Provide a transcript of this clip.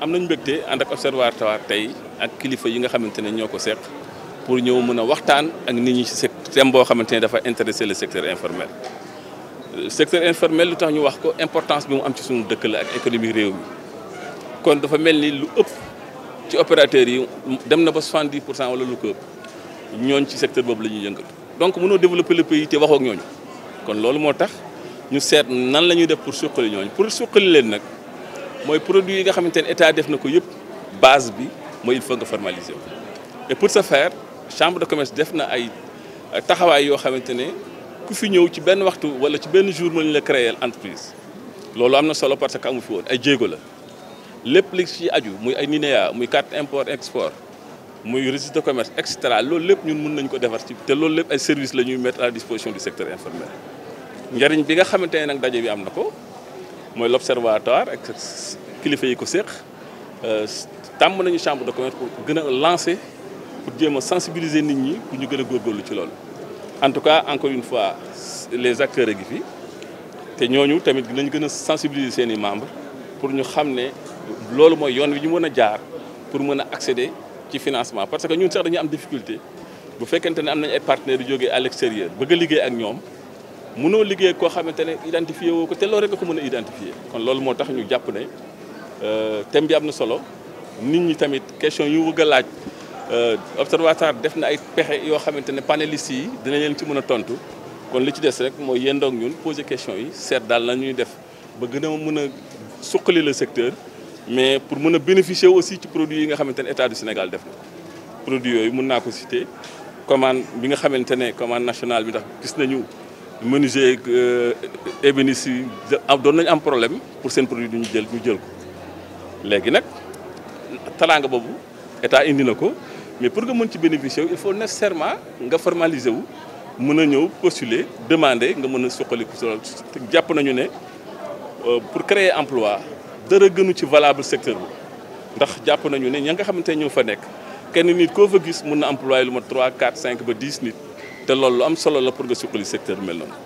am nañ mbégte ànd ak observatoire tey ak kilifa yi nga xamante ne ñoo ko seq pour ñëw mën a waxtaan ak nit ñi ci thème boo xamante ne dafa intéressé le secteur informel. Le euh, secteur informel lu tax ñu wax ko importance bi mu am ci suñu dëkk la ak économie réew mi kon dafa mel ni lu ëpp ci opérateurs yi dem na ba 70 pour cent wala lu ko ëpp ci secteur boobu la ñuy yëngatu donc mënoo développer le pays te waxoo ak ñooñu kon loolu moo tax ñu seet nan la ñuy def pour suqali ñooñ pour suqali leen nag. moy produit yi nga xamantene état def nako yépp base bi moy il faut nga formaliser et pour ce faire chambre de commerce def na ay taxawaay yoo xamante ku fi ñew ci ben waxtu wala ci ben jour mën la créer entreprise. lolu amna solo parce que amu fi won ay djégo la lepp li ci aju muy ay NINEA muy carte import export muy registre de commerce etc. cetera loolu lépp ñun mun nañ ko défar ci té lolu lepp ay services la ñuy mettre à disposition du secteur informel njëriñ bi nga xamantene nak dajé bi am nako moy l'observatoire ak kilifa yi ko séq euh, tàmm nañu chambre de commerce pour gën a lancer pour jéem a sensibiliser nit ñi pour ñu gën a góorgóorlu ci loolu. en tout cas encore une fois les acteurs a ngi fi te ñooñu tamit dinañ gën a sensibiliser seen i membres pour ñu xam ne loolu mooy yoon wi ñu mën a jaar pour mën a accéder ci financement parce que ñun sax dañu am difficulté bu fekkente ne am nañ ay partenaires yu jógee à l'extérieur bëgg a liggéey ak ñoom mënoo liggéey koo xamante ne identifié woo ko te loolu rek nga ko mën a identifié kon loolu moo tax ñu jàpp ne euh, thème bi am na solo nit ñi tamit question yu bëgg a laaj euh, observatoire def na ay pexe yoo xamante ne panélistes yi dina leen ci mën a tontu kon li ci des rek mooy yendoog ñun poser question yi seet daal na ñuy def ba gën a mën a suqali le secteur mais pour mën a bénéficier aussi ci produits yi nga xamante ne état du Sénégal def na produits yooyu mën naa ko citer commande bi nga xamante ne commande nationale bi ndax gis nañu menuisier euh, ébéniste yi doon nañu am problème pour ces produits du ñu jël ñu jël ko léegi nag talaanga boobu état indi nako mais pour que mën ci bénéficier il faut nécessairement nga formaliser wu mën a ñëw postuler demander nga mën soxali suqaliku solo jàpp nañu ne euh, pour créer emploi dara gënu ci valable secteur bi ndax japp nañu né ña nga xamanté ñu fa nek kenn nit ko fa gis mun na employé lu ma 3 4 5 ba 10 nit. te loolu lu am solo la pour nga suqali secteur mel